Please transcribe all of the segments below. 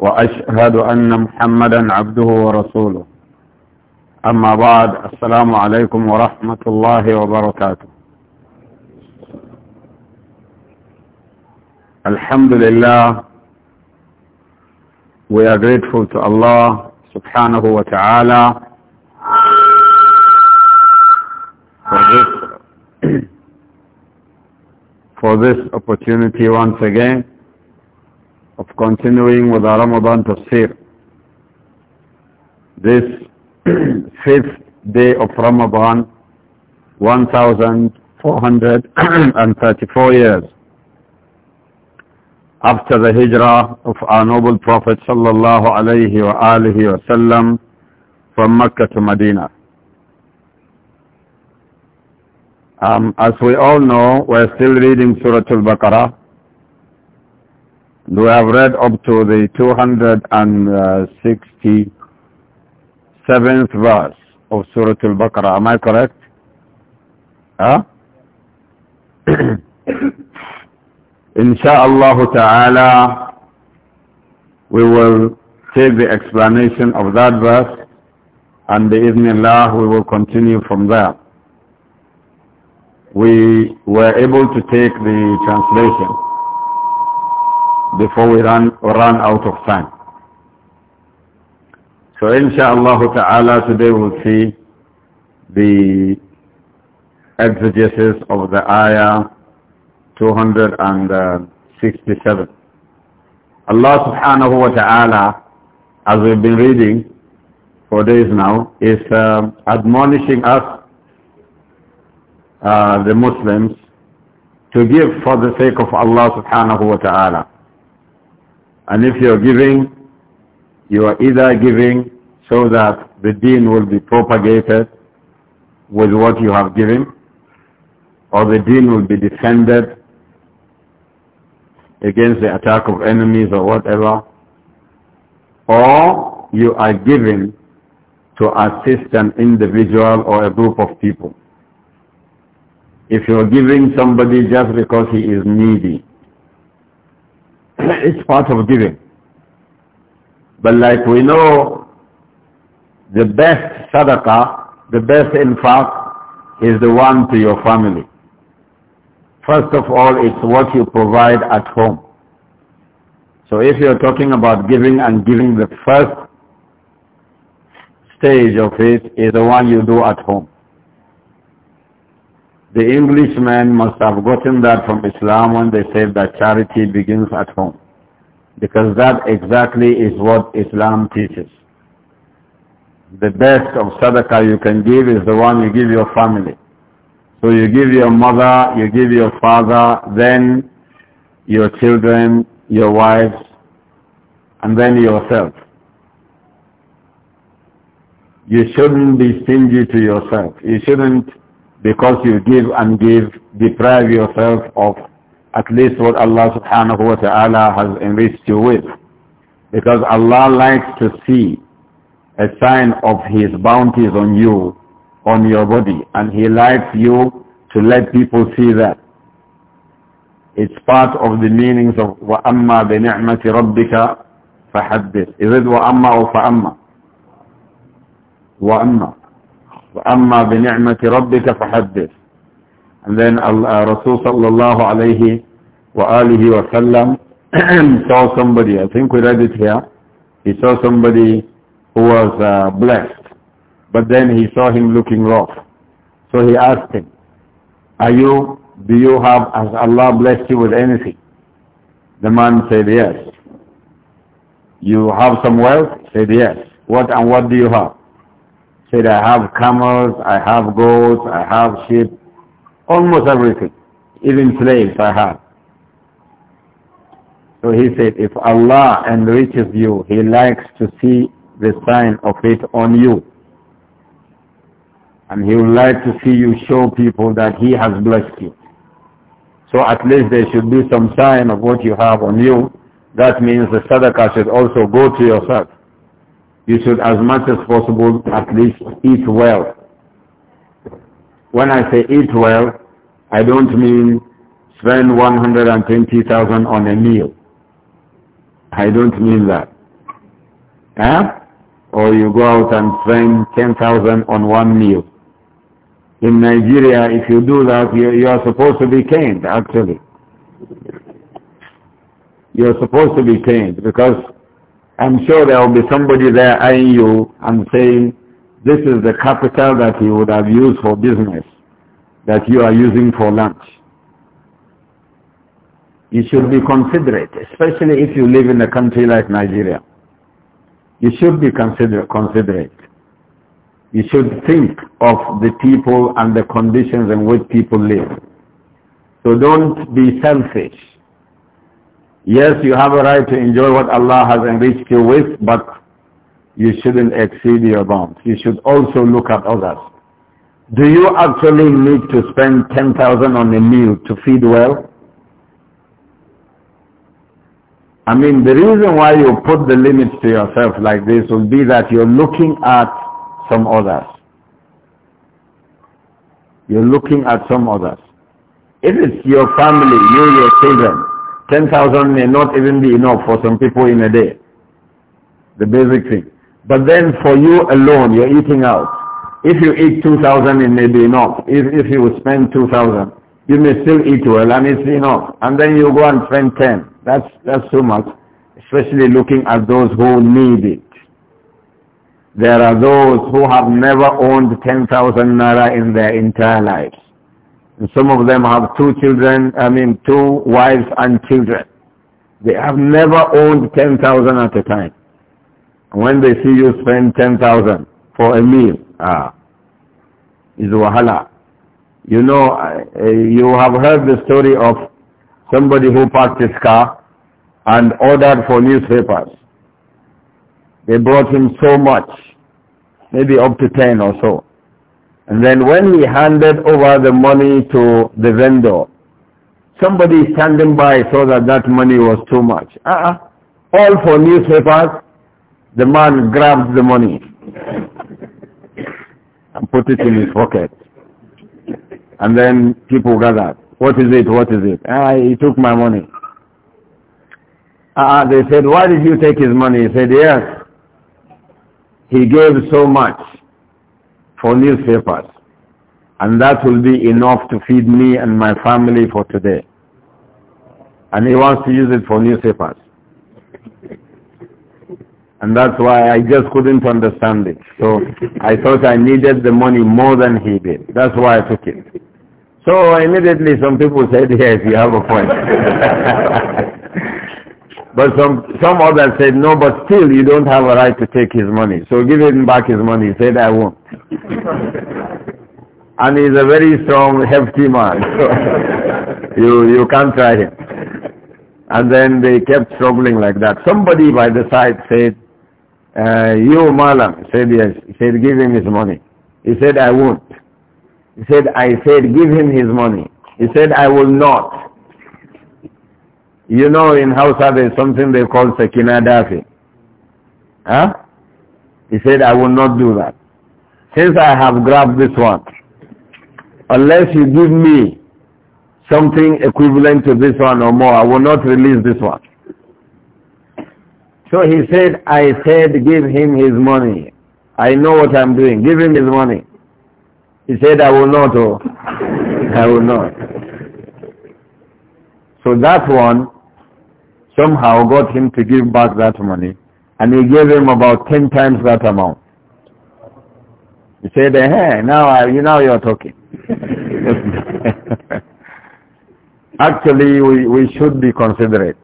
وأشهد أن محمدا عبده ورسوله أما بعد السلام عليكم ورحمة الله وبركاته الحمد لله we are grateful to Allah subhanahu wa ta'ala for this for this opportunity once again of continuing with our Ramadan tafsir. This fifth day of Ramadan, 1434 years after the hijrah of our noble Prophet sallallahu alayhi wa alihi wa sallam from Mecca to Medina. Um, as we all know, we're still reading Surah Al-Baqarah we have read up to the 267th verse of Surah Al-Baqarah. Am I correct? Huh? Insha'Allah ta'ala, we will take the explanation of that verse and the Allah, we will continue from there. We were able to take the translation before we run, run out of time. So insha'Allah ta'ala today we'll see the exegesis of the ayah 267. Allah subhanahu wa ta'ala, as we've been reading for days now, is uh, admonishing us, uh, the Muslims, to give for the sake of Allah subhanahu wa ta'ala. And if you're giving, you are either giving so that the deen will be propagated with what you have given, or the deen will be defended against the attack of enemies or whatever, or you are giving to assist an individual or a group of people. If you're giving somebody just because he is needy, it's part of giving. But like we know, the best sadaqah, the best infaq, is the one to your family. First of all, it's what you provide at home. So if you're talking about giving and giving, the first stage of it is the one you do at home. The Englishmen must have gotten that from Islam when they said that charity begins at home. Because that exactly is what Islam teaches. The best of sadaqah you can give is the one you give your family. So you give your mother, you give your father, then your children, your wives, and then yourself. You shouldn't be stingy to yourself. You shouldn't because you give and give, deprive yourself of at least what Allah subhanahu wa ta'ala has enriched you with. Because Allah likes to see a sign of His bounties on you, on your body, and He likes you to let people see that. It's part of the meanings of وَأَمَّا بِنِعْمَةِ رَبِّكَ فَحَدِّثْ Is it وَأَمَّا or فَأَمَّا? وَأَمَّا وَأَمَّا بِنِعْمَةِ رَبِّكَ فَحَدِّثْ And then uh, Rasul sallallahu alayhi wa alihi wa sallam saw somebody, I think we read it here, he saw somebody who was uh, blessed, but then he saw him looking rough. So he asked him, are you, do you have, has Allah blessed you with anything? The man said, yes. You have some wealth? Said, yes. What and what do you have? said, I have camels, I have goats, I have sheep, almost everything, even slaves I have. So he said, if Allah enriches you, he likes to see the sign of it on you. And he would like to see you show people that he has blessed you. So at least there should be some sign of what you have on you. That means the sadaqah should also go to yourself you should as much as possible at least eat well. When I say eat well, I don't mean spend 120,000 on a meal. I don't mean that. Or you go out and spend 10,000 on one meal. In Nigeria, if you do that, you, you are supposed to be caned, actually. You're supposed to be caned because I'm sure there will be somebody there eyeing you and saying, this is the capital that you would have used for business that you are using for lunch. You should be considerate, especially if you live in a country like Nigeria. You should be consider considerate. You should think of the people and the conditions in which people live. So don't be selfish. Yes, you have a right to enjoy what Allah has enriched you with, but you shouldn't exceed your bounds. You should also look at others. Do you actually need to spend 10,000 on a meal to feed well? I mean, the reason why you put the limits to yourself like this will be that you're looking at some others. You're looking at some others. If it's your family, you, your children, 10,000 may not even be enough for some people in a day. The basic thing. But then for you alone, you're eating out. If you eat 2,000, it may be enough. If, if you spend 2,000, you may still eat well and it's enough. And then you go and spend 10. That's, that's too much, especially looking at those who need it. There are those who have never owned 10,000 naira in their entire lives. And some of them have two children, I mean two wives and children. They have never owned 10,000 at a time. When they see you spend 10,000 for a meal, ah, is wahala. You know, you have heard the story of somebody who parked his car and ordered for newspapers. They brought him so much, maybe up to 10 or so. And then when he handed over the money to the vendor, somebody standing by saw that that money was too much. Uh-uh. All for newspapers, the man grabbed the money and put it in his pocket. And then people gathered. What is it? What is it? Ah, he took my money. Ah, they said, why did you take his money? He said, yes. He gave so much for newspapers. And that will be enough to feed me and my family for today. And he wants to use it for newspapers. And that's why I just couldn't understand it. So I thought I needed the money more than he did. That's why I took it. So immediately some people said, yes, you have a point. But some, some others said, no, but still you don't have a right to take his money. So give him back his money. He said, I won't. and he's a very strong, hefty man. So you, you can't try him. And then they kept struggling like that. Somebody by the side said, uh, you Malam, said yes. He said, give him his money. He said, I won't. He said, I said, give him his money. He said, I will not. You know in Hausa there is something they call Sakina Dafi. Huh? He said, I will not do that. Since I have grabbed this one, unless you give me something equivalent to this one or more, I will not release this one. So he said, I said, give him his money. I know what I'm doing. Give him his money. He said, I will not. Oh, I will not. So that one, somehow got him to give back that money and he gave him about 10 times that amount. He said, hey, now, I, you, now you're talking. Actually, we, we should be considerate.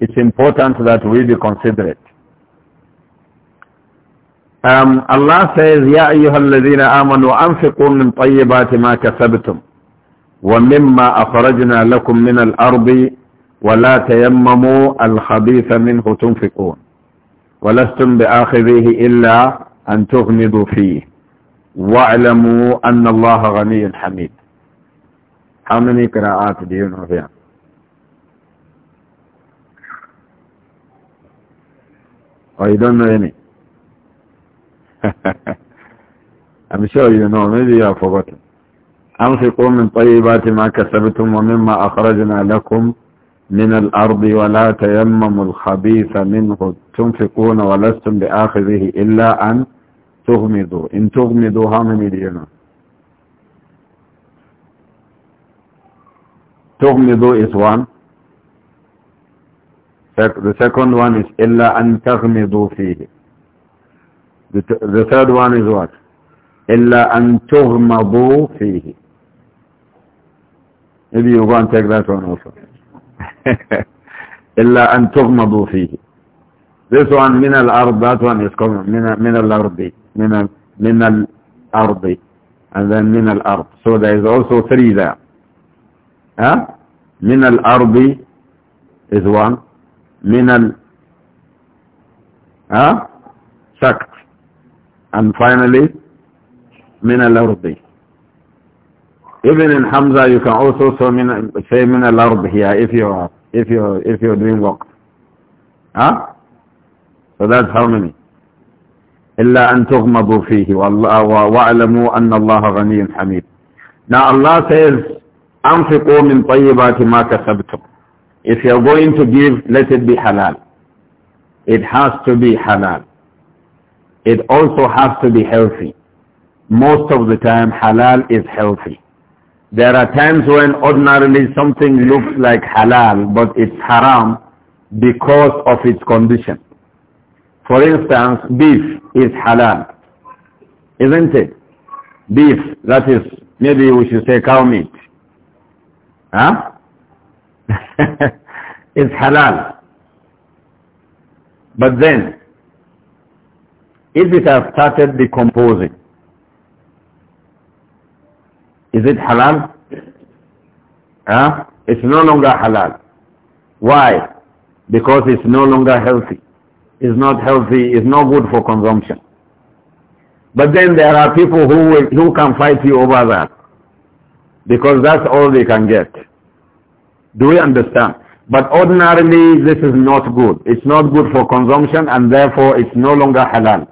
It's important that we be considerate. Um, Allah says, يا أيها الذين آمنوا أنفقوا من طيبات ما كسبتم ومما أخرجنا لكم من الأرض ولا تيمموا الخبيث منه تنفقون ولستم بآخذيه إلا أن تغمضوا فيه واعلموا أن الله غني حميد How many قراءات do you know here? Or oh, you don't know any? I'm sure you know, maybe you have forgotten. أنفقوا من طيبات ما كسبتم ومما أخرجنا لكم من الأرض ولا تيمموا الخبيث منه تنفقون ولستم بآخذه إلا أن تغمضوا إن تغمضوا هم مليون تغمضوا is one the second one is إلا أن تغمضوا فيه the, the third one is what إلا أن تغمضوا فيه maybe you go and take that one also إلا أن تغمضوا فيه this one من الأرض that one is coming من, من الأرض من, من الأرض and then من الأرض so there is also three there huh? من الأرض is one من ال huh? سكت and finally من الأرض Even in Hamza, you can also say min, say here if you're, if you if you're doing work. Huh? So that's how many. إلا أن تغمضوا فيه واعلموا أن الله غني حميد. Now Allah says, أنفقوا من طيبات ما كسبتم. If you're going to give, let it be halal. It has to be halal. It also has to be healthy. Most of the time, halal is healthy. There are times when ordinarily something looks like halal, but it's haram because of its condition. For instance, beef is halal, isn't it? Beef, that is, maybe we should say cow meat. Huh? it's halal. But then, if it has started decomposing, is it halal? Huh? It's no longer halal. Why? Because it's no longer healthy. It's not healthy. It's not good for consumption. But then there are people who, will, who can fight you over that. Because that's all they can get. Do we understand? But ordinarily, this is not good. It's not good for consumption and therefore it's no longer halal.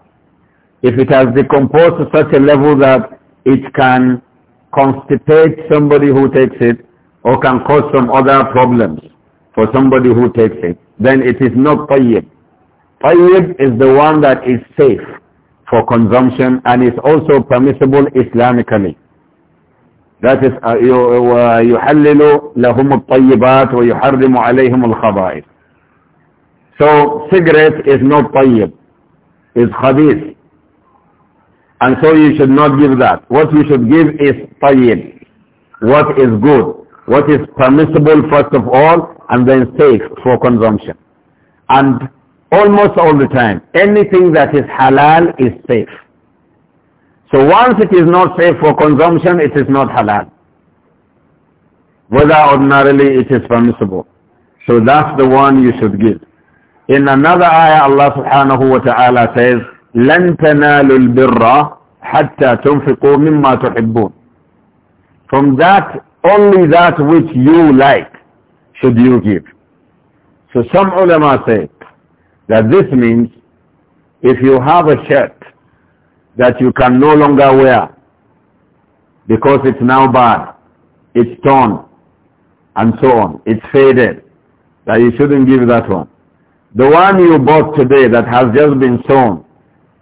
If it has decomposed to such a level that it can constipate somebody who takes it or can cause some other problems for somebody who takes it, then it is not tayyib. Tayyib is the one that is safe for consumption and is also permissible Islamically. That is, وَيُحَلِّلُ لَهُمُ الطَّيِّبَاتُ وَيُحَرِّمُ عَلَيْهِمُ الْخَبَائِثِ So cigarette is not tayyib, it's khabith. And so you should not give that. What you should give is tayyib. What is good. What is permissible first of all and then safe for consumption. And almost all the time, anything that is halal is safe. So once it is not safe for consumption, it is not halal. Whether ordinarily it is permissible. So that's the one you should give. In another ayah, Allah subhanahu wa ta'ala says, لن تنالوا البر حتى تنفقوا مما تحبون from that only that which you like should you give so some ulama say that this means if you have a shirt that you can no longer wear because it's now bad, it's torn, and so on, it's faded, that you shouldn't give that one. The one you bought today that has just been sewn,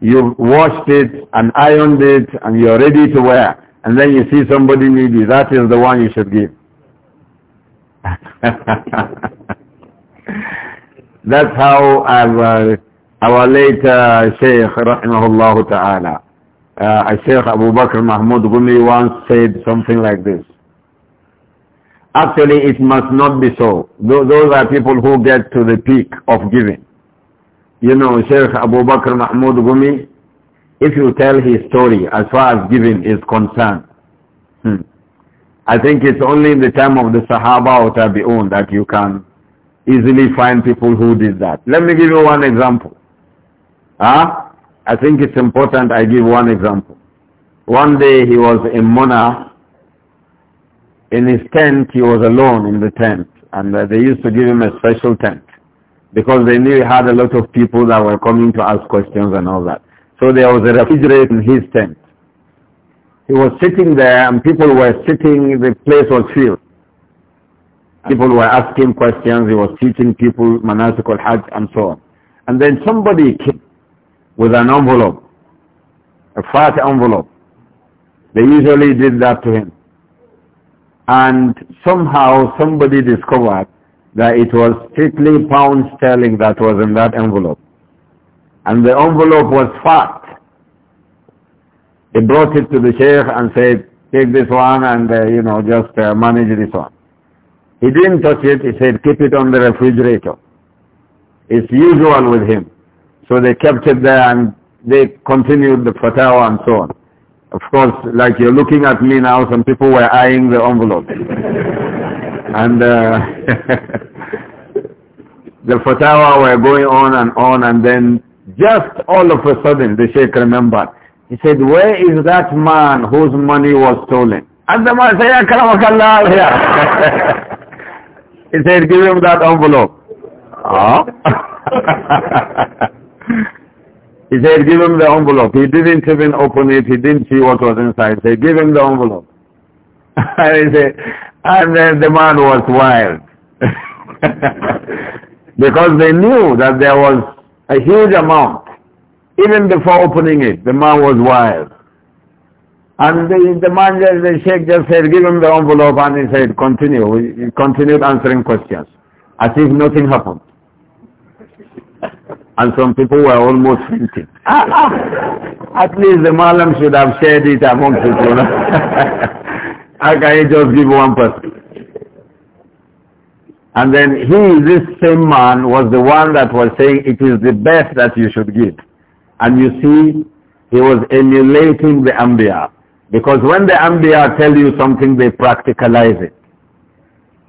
you've washed it and ironed it and you're ready to wear. And then you see somebody needy. That is the one you should give. That's how uh, our, our late uh, Shaykh, rahimahullah ta'ala, uh, Shaykh Abu Bakr Mahmoud Gumi once said something like this. Actually, it must not be so. Those are people who get to the peak of giving you know, Sheikh Abu Bakr Mahmoud Gumi, if you tell his story as far as giving is concerned, hmm, I think it's only in the time of the Sahaba or Tabi'un that you can easily find people who did that. Let me give you one example. Huh? I think it's important I give one example. One day he was in Mona. In his tent, he was alone in the tent. And uh, they used to give him a special tent because they knew he had a lot of people that were coming to ask questions and all that. So there was a refrigerator in his tent. He was sitting there and people were sitting, the place was filled. People were asking questions, he was teaching people Manasik al-Hajj and so on. And then somebody came with an envelope, a fat envelope. They usually did that to him. And somehow somebody discovered that it was strictly pound sterling that was in that envelope. And the envelope was fat. He brought it to the sheikh and said, take this one and, uh, you know, just uh, manage this one. He didn't touch it. He said, keep it on the refrigerator. It's usual with him. So they kept it there and they continued the fatwa and so on. Of course, like you're looking at me now, some people were eyeing the envelope. And uh, the fatawa were going on and on and then just all of a sudden the sheikh remembered. He said, where is that man whose money was stolen? And the man said, Ya here. he said, give him that envelope. Ah? he said, give him the envelope. He didn't even open it. He didn't see what was inside. He said, give him the envelope. and he said, and then the man was wild. because they knew that there was a huge amount. Even before opening it, the man was wild. And the, the man, the sheikh just said, give him the envelope and he said, continue. He continued answering questions as if nothing happened. And some people were almost fainting. At least the Malam should have shared it among people. How can you just give one person? And then he, this same man, was the one that was saying it is the best that you should give. And you see, he was emulating the Ambiya. Because when the Ambiya tell you something, they practicalize it.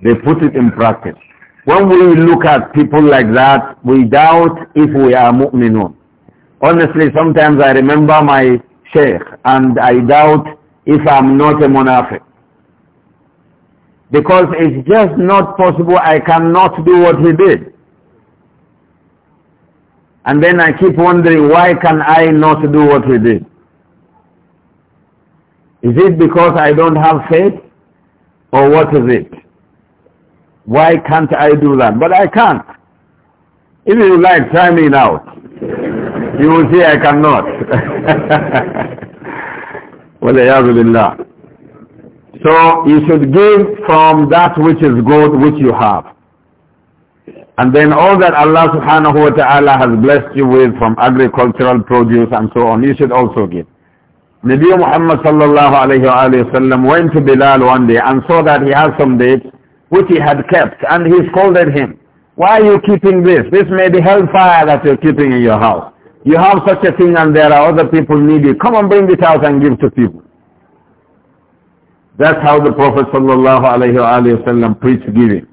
They put it in practice. When we look at people like that, we doubt if we are mu'minun. Honestly, sometimes I remember my sheikh and I doubt if I'm not a munafiq. Because it's just not possible, I cannot do what he did. And then I keep wondering, why can I not do what he did? Is it because I don't have faith? Or what is it? Why can't I do that? But I can't. If you like, try me now. You will see I cannot. وَلَيَعْذُ بِاللَّهِ so you should give from that which is good which you have. And then all that Allah subhanahu wa ta'ala has blessed you with from agricultural produce and so on, you should also give. Nabi Muhammad sallallahu alayhi wa sallam went to Bilal one day and saw that he had some dates which he had kept and he scolded him. Why are you keeping this? This may be hellfire that you're keeping in your house. You have such a thing and there are other people needy. Come and bring it out and give to people. That's how the Prophet ﷺ preached giving.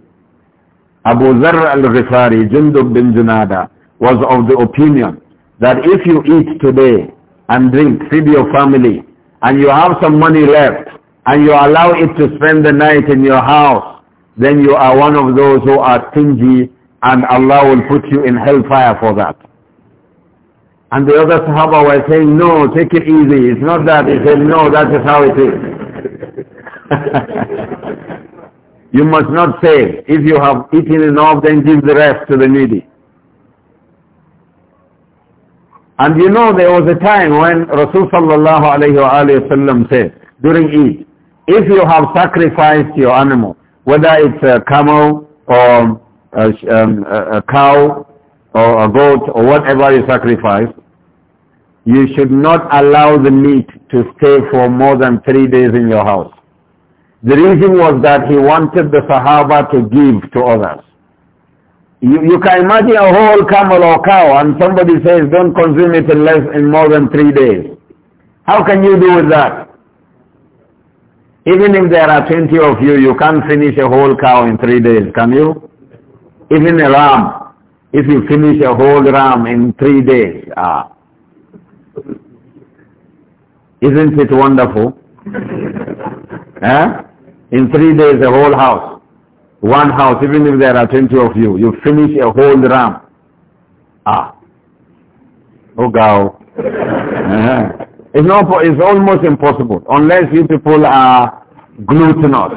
Abu Zarr al-Ghifari, Jundub bin Junada, was of the opinion that if you eat today and drink, feed your family, and you have some money left, and you allow it to spend the night in your house, then you are one of those who are stingy, and Allah will put you in hellfire for that. And the other Sahaba were saying, no, take it easy. It's not that. He said, no, that is how it is. you must not save. If you have eaten enough, then give the rest to the needy. And you know there was a time when Rasulullah sallallahu said, during Eid, if you have sacrificed your animal, whether it's a camel or uh, um, a, um, a cow or a goat or whatever you sacrifice, you should not allow the meat to stay for more than three days in your house. The reason was that he wanted the Sahaba to give to others. You, you can imagine a whole camel or cow and somebody says don't consume it in less in more than three days. How can you do with that? Even if there are 20 of you, you can't finish a whole cow in three days, can you? Even a ram, if you finish a whole ram in three days, ah. Isn't it wonderful? Huh? In three days, the whole house, one house, even if there are 20 of you, you finish a whole ram. Ah. Oh, God. Uh-huh. it's, not, it's almost impossible, unless you people are glutinous.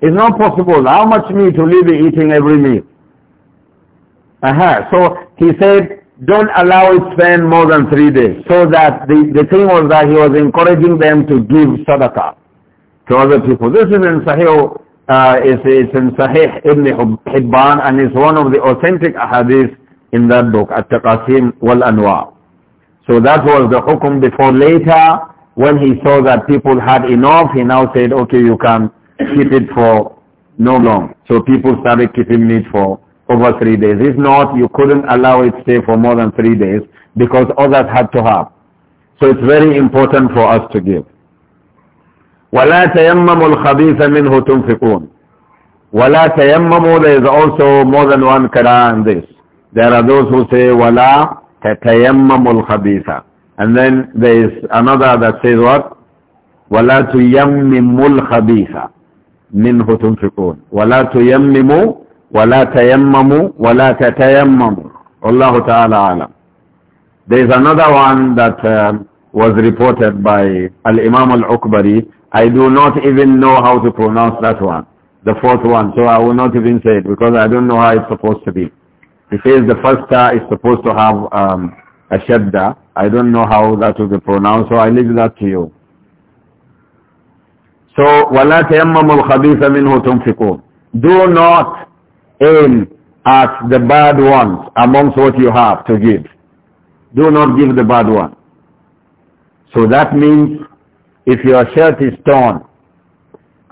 it's not possible. How much meat will you be eating every meal? Uh -huh. So he said, don't allow it to spend more than three days. So that the, the thing was that he was encouraging them to give sadaqah. To other people, This is in Sahih, uh, it's, it's in Sahih Ibn Hibban and it's one of the authentic ahadith in that book, At-Taqasim wal-Anwa. So that was the hukum before later when he saw that people had enough, he now said, okay, you can keep it for no long. So people started keeping meat for over three days. If not, you couldn't allow it stay for more than three days because others had to have. So it's very important for us to give. ولا تيمموا الخبيث منه تنفقون ولا تيمموا there is also more than one kara in this. There are those who say ولا تتيمموا الخبيث And then there is another that says what? ولا تيمموا الخبيث منه تنفقون ولا تيمموا ولا تيمموا ولا تتيمموا الله تعالى أعلم There is another one that uh, was reported by Al-Imam Al-Ukbari I do not even know how to pronounce that one, the fourth one, so I will not even say it because I don't know how it's supposed to be. He says the first ta is supposed to have um, a shadda. I don't know how that will be pronounced, so I leave that to you. So, وَلَا تَيَمَّمُ الْخَبِيثَ مِنْهُ تُنْفِقُونَ Do not aim at the bad ones amongst what you have to give. Do not give the bad one. So that means if your shirt is torn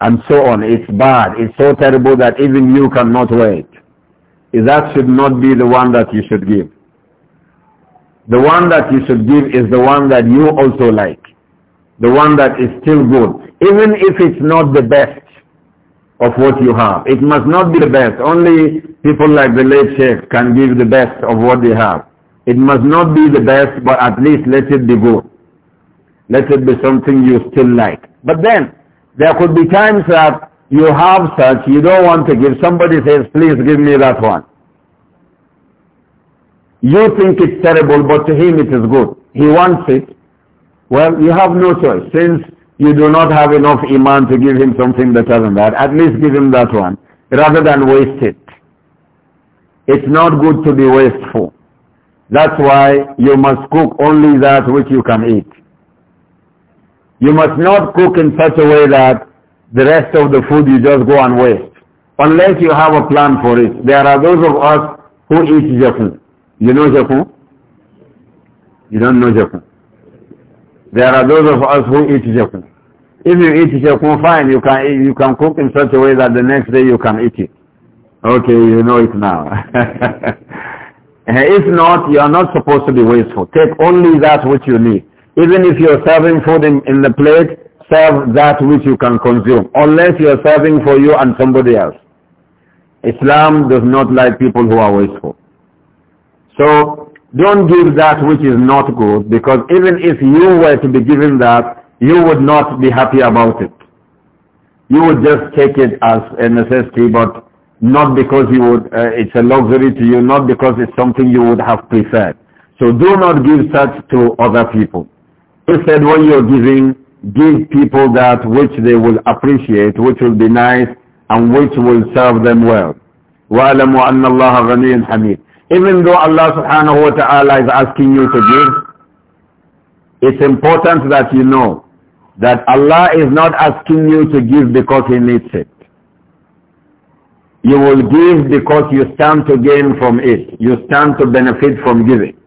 and so on, it's bad, it's so terrible that even you cannot wear it. That should not be the one that you should give. The one that you should give is the one that you also like. The one that is still good. Even if it's not the best of what you have. It must not be the best. Only people like the late Sheikh can give the best of what they have. It must not be the best, but at least let it be good. Let it be something you still like. But then, there could be times that you have such, you don't want to give. Somebody says, please give me that one. You think it's terrible, but to him it is good. He wants it. Well, you have no choice. Since you do not have enough iman to give him something better than that, at least give him that one, rather than waste it. It's not good to be wasteful. That's why you must cook only that which you can eat. You must not cook in such a way that the rest of the food you just go and waste. Unless you have a plan for it. There are those of us who eat jafu. You know jafu? You don't know jafu. There are those of us who eat jafu. If you eat jafu, fine, you can, you can cook in such a way that the next day you can eat it. Okay, you know it now. if not, you are not supposed to be wasteful. Take only that which you need. Even if you're serving food in, in the plate, serve that which you can consume, unless you're serving for you and somebody else. Islam does not like people who are wasteful. So don't give that which is not good, because even if you were to be given that, you would not be happy about it. You would just take it as a necessity, but not because you would, uh, it's a luxury to you, not because it's something you would have preferred. So do not give such to other people. He said, when you're giving, give people that which they will appreciate, which will be nice, and which will serve them well. وَأَلَمُوا أَنَّ اللَّهَ غَنِيٌّ حَمِيدٌ Even though Allah subhanahu wa ta'ala is asking you to give, it's important that you know that Allah is not asking you to give because He needs it. You will give because you stand to gain from it. You stand to benefit from giving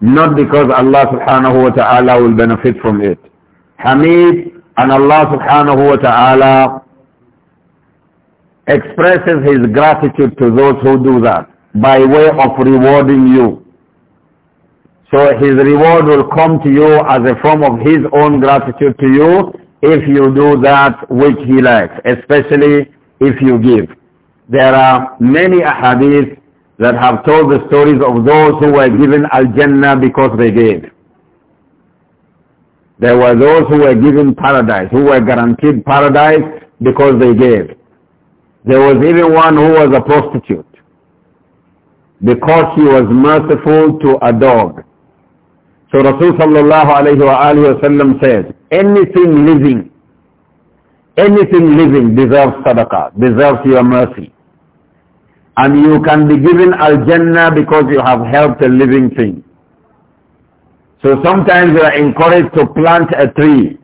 not because Allah subhanahu wa ta'ala will benefit from it. Hamid and Allah subhanahu wa ta'ala expresses his gratitude to those who do that by way of rewarding you. So his reward will come to you as a form of his own gratitude to you if you do that which he likes, especially if you give. There are many ahadith that have told the stories of those who were given Al-Jannah because they gave. There were those who were given paradise, who were guaranteed paradise because they gave. There was even one who was a prostitute because he was merciful to a dog. So Rasulullah sallallahu alayhi wa alayhi wa says, anything living, anything living deserves sadaqah, deserves your mercy. And you can be given al-jannah because you have helped a living thing. So sometimes you are encouraged to plant a tree,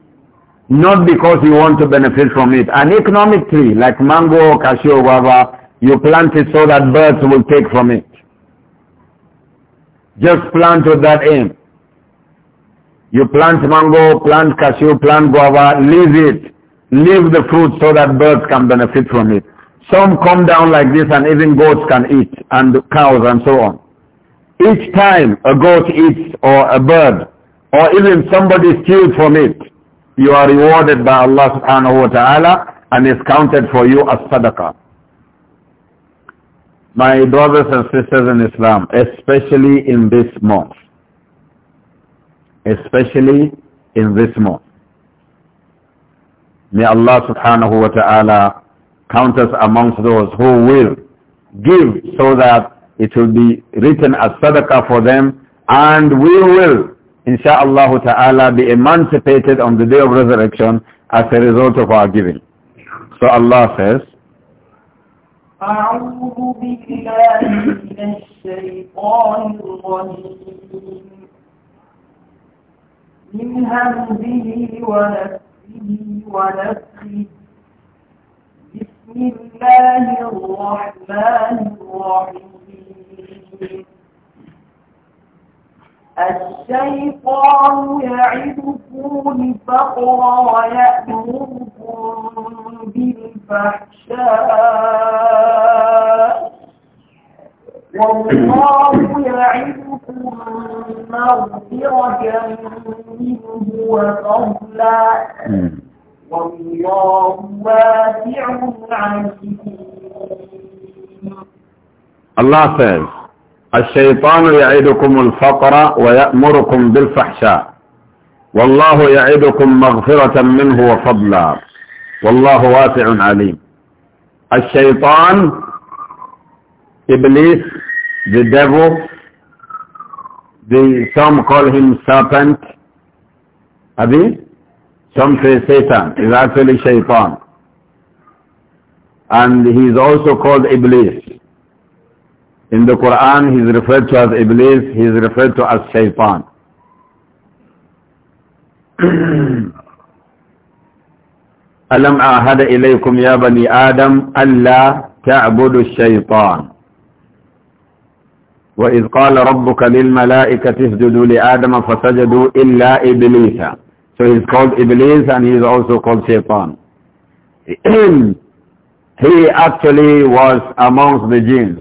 not because you want to benefit from it. An economic tree, like mango, cashew, guava, you plant it so that birds will take from it. Just plant with that aim. You plant mango, plant cashew, plant guava, leave it. Leave the fruit so that birds can benefit from it. Some come down like this and even goats can eat and cows and so on. Each time a goat eats or a bird or even somebody steals from it, you are rewarded by Allah subhanahu wa ta'ala and is counted for you as sadaqah. My brothers and sisters in Islam, especially in this month, especially in this month, may Allah subhanahu wa ta'ala Count us amongst those who will give so that it will be written as sadaqah for them and we will, insha'Allah ta'ala, be emancipated on the day of resurrection as a result of our giving. So Allah says, أعوذ بالله من الشيطان الرجيم من همزه ونفسه ونفسه الله الرحمن الرحيم الشيطان يعدكم الفقر ويأمركم بالفحشاء والله يعدكم مغفرة منه وفضلا الله says الشيطان يعدكم الفقر ويأمركم بالفحشاء والله يعدكم مغفرة منه وفضلا والله واسع عليم الشيطان إبليس the devil the some call him serpent أبي Some say Satan is actually Shaitan. And he is also called Iblis. In the Quran, he is referred to as Iblis, he is referred to as Shaitan. ألم أعهد إليكم يا بني آدم ألا تعبدوا الشيطان وإذ قال ربك للملائكة اسجدوا لآدم فسجدوا إلا إبليسا So he's called Iblis and he's also called Shaitan. he actually was amongst the jinns.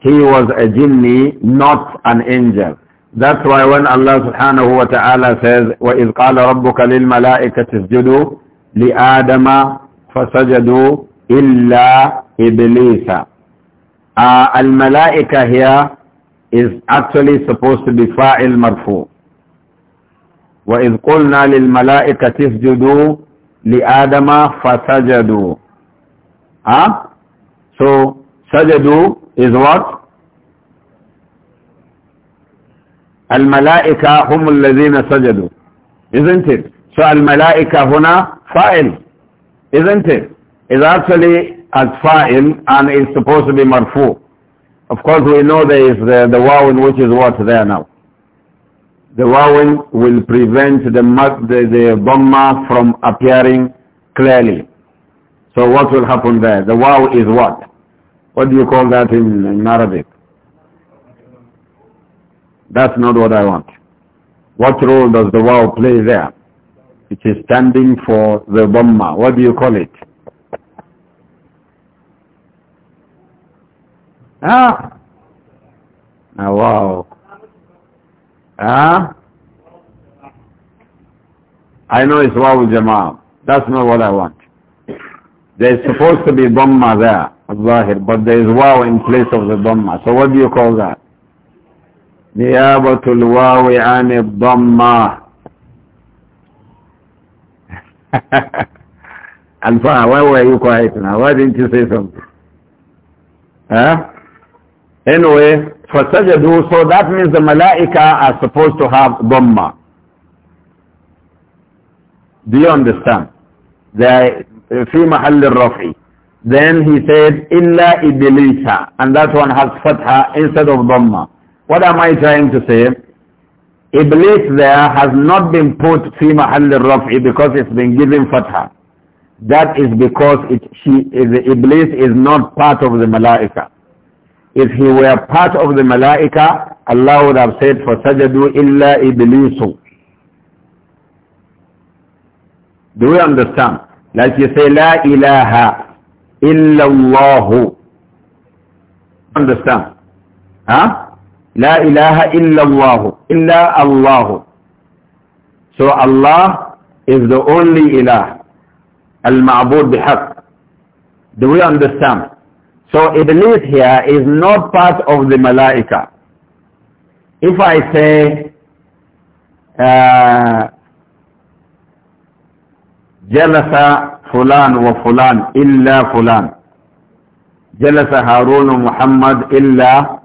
He was a jinni, not an angel. That's why when Allah subhanahu wa ta'ala says, وَإِذْ قَالَ رَبُّكَ لِلْمَلَائِكَةِ اسْجُدُوا لِآدَمَ فَسَجَدُوا إِلَّا إِبْلِيسَ uh, Al-Malaika here is actually supposed to be fa'il marfu. وإذ قلنا للملائكة اسجدوا لآدم فسجدوا huh? So سجدوا is what? الملائكة هم الذين سجدوا isn't it? So الملائكة هنا فاعل isn't it? Is actually as fa'il and it's supposed to be مرفوع. Of course we know there is the, the waw in which is what there now the vowel will prevent the, the, the dhamma from appearing clearly. So what will happen there? The wow is what? What do you call that in, in Arabic? That's not what I want. What role does the wow play there? It is standing for the Dhamma. What do you call it? Ah! Ah, wow. Huh? I know it's Wawul Jama'ah. That's not what I want. There's supposed to be Dhamma there, Zahir, but there is Waw in place of the Dhamma. So what do you call that? نيابة الواو عن And Alfa, why were you quiet now? Why didn't you say something? Huh? Anyway, فَسَجَدُوا So that means the malaika are supposed to have dhamma. Do you understand? The, في محل الرفع. Then he said, إِلَّا إِبْلِيسَ And that one has her instead of dhamma. What am I trying to say? Iblis there has not been put في محل الرفع because it's been given fatha. That is because it, she, Iblis is not part of the malaika. If he were part of the malaika, Allah would have said, "For فَسَجَدُوا illa iblisu." Do we understand? Like you say, La ilaha illallahu. Understand? Huh? La ilaha illallahu. Illa Allahu. So Allah is the only ilah. Al-ma'bud bihaq. Do we understand? So Iblis here is not part of the Malaika. If I say, uh, Jalasa fulan wa fulan illa fulan, Jalasa Harun Muhammad illa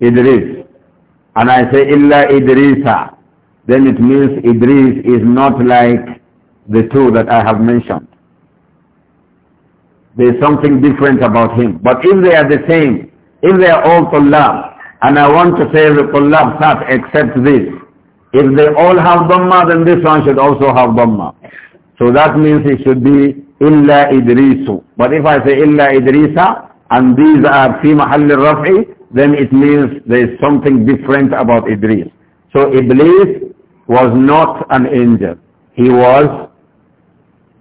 Idris, and I say illa Idrisa, then it means Idris is not like the two that I have mentioned there is something different about him. But if they are the same, if they are all Tullab, and I want to say the Tullab Sat accept this, if they all have Dhamma, then this one should also have Dhamma. So that means it should be Illa Idrisu. But if I say Illa Idrisa, and these are Fi Mahall Rafi, then it means there is something different about Idris. So Iblis was not an angel. He was,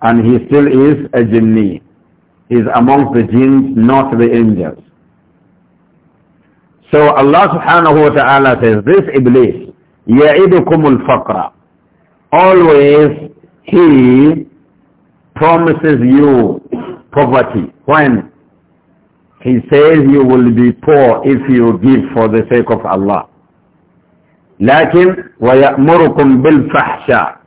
and he still is, a jinni is amongst the jinns, not the angels. So Allah subhanahu wa ta'ala says, this Iblis, يَعِدُكُمُ الْفَقْرَ Always he promises you poverty. When? He says you will be poor if you give for the sake of Allah. لكن ويأمركم بالفحشاء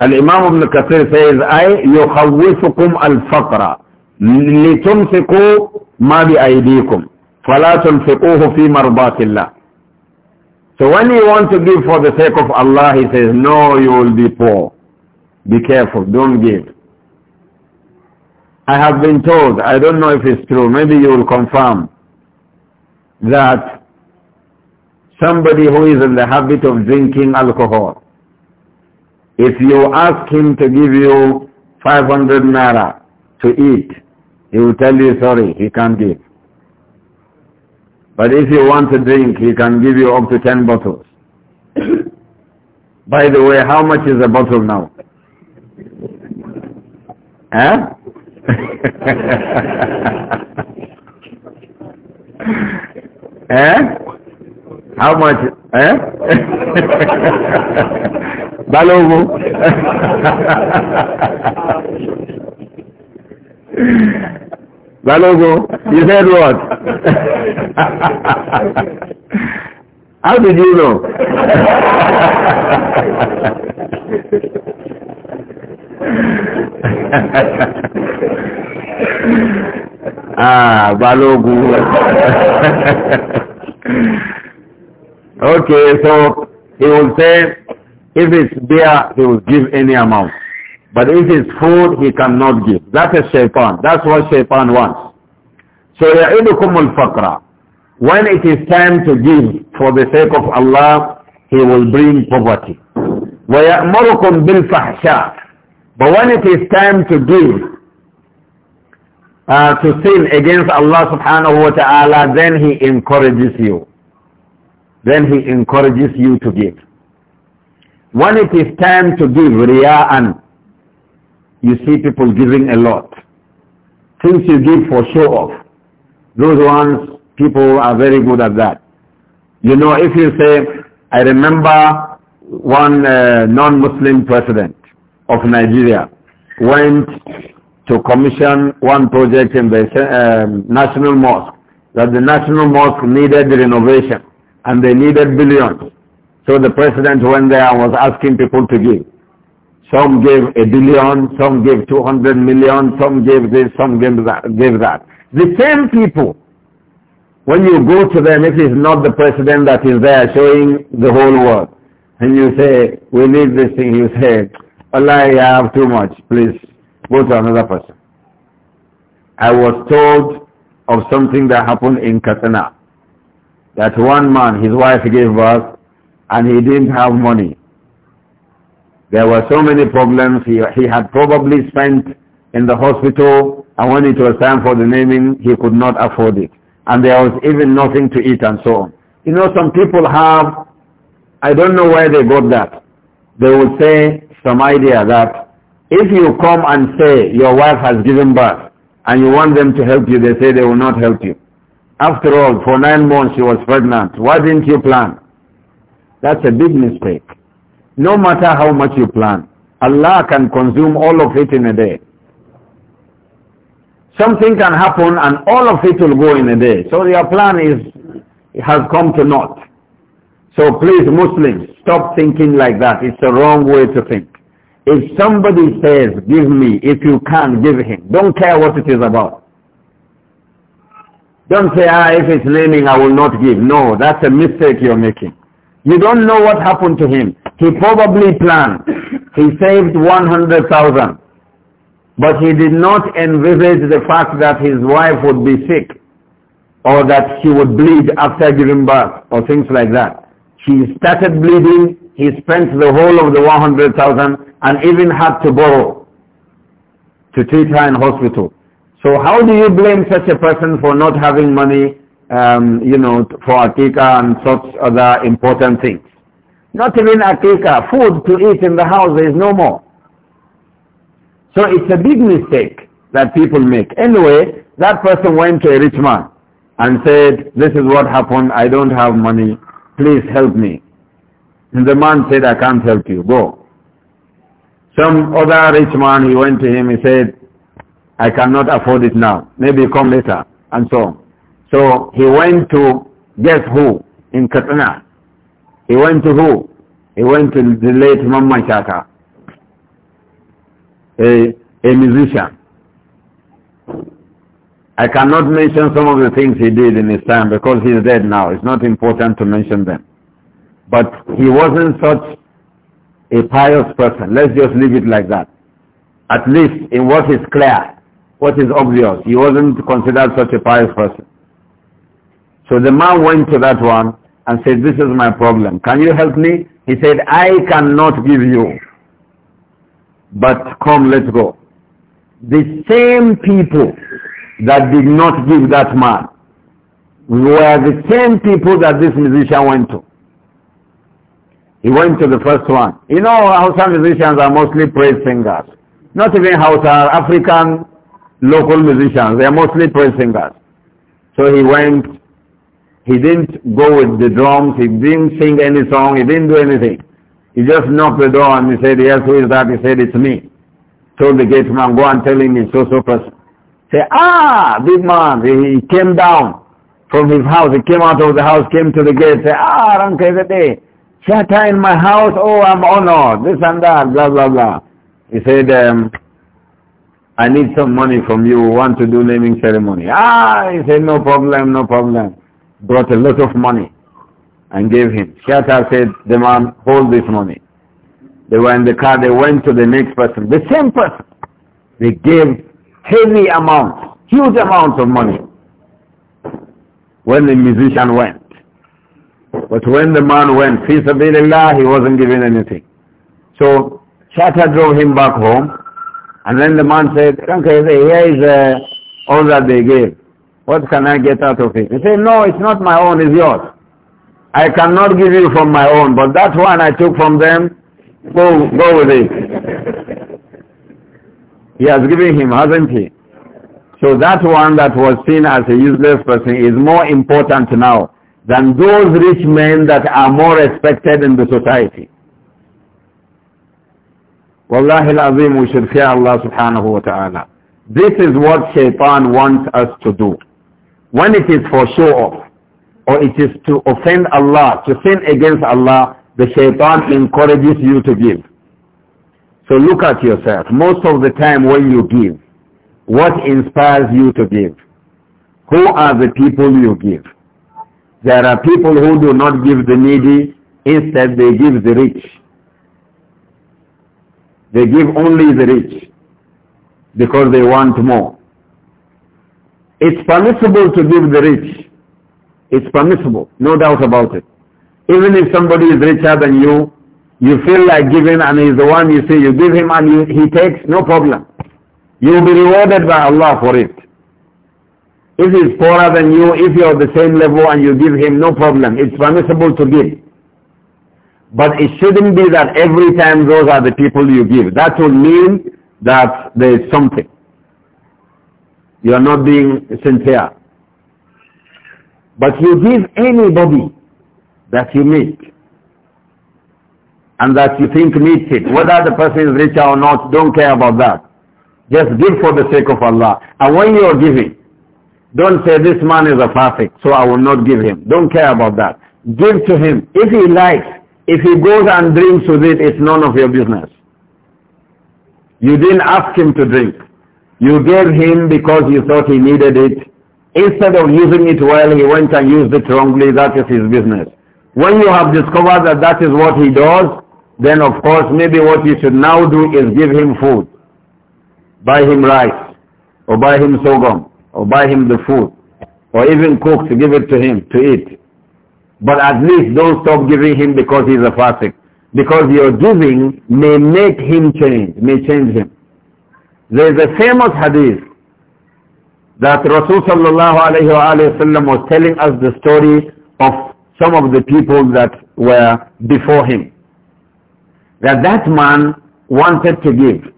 Al-Imam al Kathir says, I يخوفكم الفقر لتنفقوا ما بأيديكم فلا تنفقوه في مرضات الله. So when you want to give for the sake of Allah, he says, no, you will be poor. Be careful, don't give. I have been told, I don't know if it's true, maybe you will confirm, that somebody who is in the habit of drinking alcohol, if you ask him to give you 500 naira to eat, he will tell you, sorry, he can't give. But if you want to drink, he can give you up to 10 bottles. By the way, how much is a bottle now? Huh? eh? How much? Eh? Balogo, Balogo. you said what how did you know ah balógun okay so he will say if it's beer, he will give any amount. But if it's food, he cannot give. That is a shaitan. That's what shaitan wants. So يَعِدُكُمُ الْفَقْرَ When it is time to give for the sake of Allah, he will bring poverty. وَيَأْمَرُكُمْ بِالْفَحْشَاءِ But when it is time to give, uh, to sin against Allah subhanahu wa ta'ala, then he encourages you. Then he encourages you to give. When it is time to give riya'an, you see people giving a lot. Things you give for show off, those ones, people are very good at that. You know, if you say, I remember one uh, non-Muslim president of Nigeria went to commission one project in the uh, National Mosque, that the National Mosque needed renovation and they needed billions. So the president went there and was asking people to give. Some gave a billion, some gave 200 million, some gave this, some gave that. Gave that. The same people, when you go to them, if it's not the president that is there showing the whole world, and you say, we need this thing, you say, Allah, I have too much, please go to another person. I was told of something that happened in Katana, that one man, his wife gave birth, and he didn't have money. There were so many problems. He, he had probably spent in the hospital and when it was time for the naming, he could not afford it. And there was even nothing to eat and so on. You know, some people have, I don't know where they got that. They would say some idea that if you come and say your wife has given birth and you want them to help you, they say they will not help you. After all, for nine months she was pregnant. Why didn't you plan? That's a big mistake. No matter how much you plan, Allah can consume all of it in a day. Something can happen and all of it will go in a day. So your plan is, has come to naught. So please Muslims, stop thinking like that. It's the wrong way to think. If somebody says, give me, if you can, give him. Don't care what it is about. Don't say, ah, if it's naming, I will not give. No, that's a mistake you're making. You don't know what happened to him. He probably planned. He saved 100,000. But he did not envisage the fact that his wife would be sick or that she would bleed after giving birth or things like that. She started bleeding. He spent the whole of the 100,000 and even had to borrow to treat her in hospital. So how do you blame such a person for not having money um, you know, for Akika and such other important things. Not even Akika, food to eat in the house is no more. So it's a big mistake that people make. Anyway, that person went to a rich man and said, this is what happened, I don't have money, please help me. And the man said, I can't help you, go. Some other rich man, he went to him, he said, I cannot afford it now, maybe come later, and so on. So he went to guess who in Katana. He went to who? He went to the late Mamman Shata, a, a musician. I cannot mention some of the things he did in his time because he's dead now. It's not important to mention them. But he wasn't such a pious person. Let's just leave it like that. At least in what is clear, what is obvious, he wasn't considered such a pious person. So the man went to that one and said, this is my problem. Can you help me? He said, I cannot give you. But come, let's go. The same people that did not give that man were the same people that this musician went to. He went to the first one. You know, Hausa musicians are mostly praise singers. Not even Hausa, African local musicians. They are mostly praise singers. So he went he didn't go with the drums, he didn't sing any song, he didn't do anything. He just knocked the door and he said, yes, who is that? He said, it's me. Told the gate man, go and tell him it's so-so person. Say, ah, big man, he, came down from his house, he came out of the house, came to the gate, say, ah, Ramkezade, shatta in my house, oh, I'm honored, this and that, blah, blah, blah. He said, um, I need some money from you, want to do naming ceremony. Ah, he said, no problem, no problem brought a lot of money and gave him. Shatta said, the man, hold this money. They were in the car, they went to the next person, the same person. They gave heavy amounts, huge amounts of money when the musician went. But when the man went, peace be Allah, he wasn't given anything. So Shatta drove him back home and then the man said, okay, here is uh, all that they gave. What can I get out of it? He said, no, it's not my own, it's yours. I cannot give you from my own, but that one I took from them, go, go with it. he has given him, hasn't he? So that one that was seen as a useless person is more important now than those rich men that are more respected in the society. Wallahi al-Azim, we should fear Allah subhanahu wa ta'ala. This is what shaitan wants us to do. When it is for show off, or it is to offend Allah, to sin against Allah, the shaitan encourages you to give. So look at yourself. Most of the time when you give, what inspires you to give? Who are the people you give? There are people who do not give the needy, instead they give the rich. They give only the rich because they want more. It's permissible to give the rich. It's permissible, no doubt about it. Even if somebody is richer than you, you feel like giving and he's the one you see. you give him and he takes, no problem. You'll be rewarded by Allah for it. If he's poorer than you, if you're the same level and you give him, no problem. It's permissible to give. But it shouldn't be that every time those are the people you give. That would mean that there is something. You are not being sincere. But you give anybody that you meet and that you think needs it, whether the person is richer or not, don't care about that. Just give for the sake of Allah. And when you are giving, don't say this man is a perfect, so I will not give him. Don't care about that. Give to him. If he likes, if he goes and drinks with it, it's none of your business. You didn't ask him to drink. You gave him because you thought he needed it. Instead of using it well, he went and used it wrongly. That is his business. When you have discovered that that is what he does, then of course maybe what you should now do is give him food. Buy him rice, or buy him sorghum, or buy him the food, or even cook to give it to him to eat. But at least don't stop giving him because he's a fasting. Because your giving may make him change, may change him. There is a famous hadith that Rasulullah sallallahu was telling us the story of some of the people that were before him. That that man wanted to give.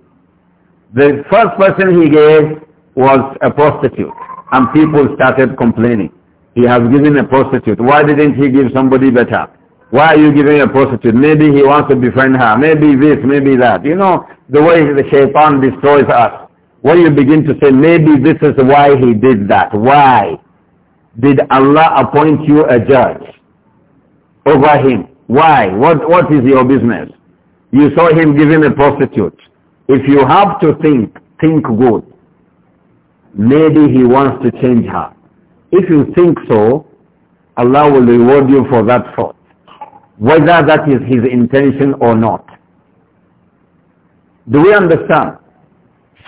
The first person he gave was a prostitute and people started complaining. He has given a prostitute. Why didn't he give somebody better? Why are you giving a prostitute? Maybe he wants to befriend her. Maybe this, maybe that. You know, the way the shaitan destroys us. When you begin to say, maybe this is why he did that. Why? Did Allah appoint you a judge over him? Why? What, what is your business? You saw him giving a prostitute. If you have to think, think good. Maybe he wants to change her. If you think so, Allah will reward you for that thought whether that is his intention or not. Do we understand?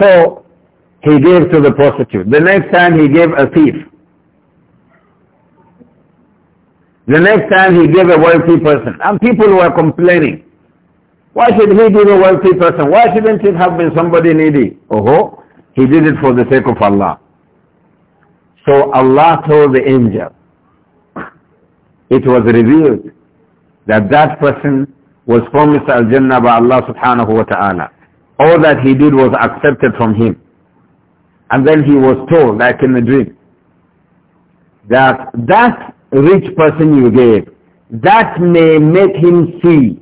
So he gave to the prostitute. The next time he gave a thief. The next time he gave a wealthy person. And people were complaining. Why should he give a wealthy person? Why shouldn't it have been somebody needy? Oh, he did it for the sake of Allah. So Allah told the angel. It was revealed that that person was promised al-Jannah by Allah subhanahu wa ta'ala. All that he did was accepted from him. And then he was told, like in a dream, that that rich person you gave, that may make him see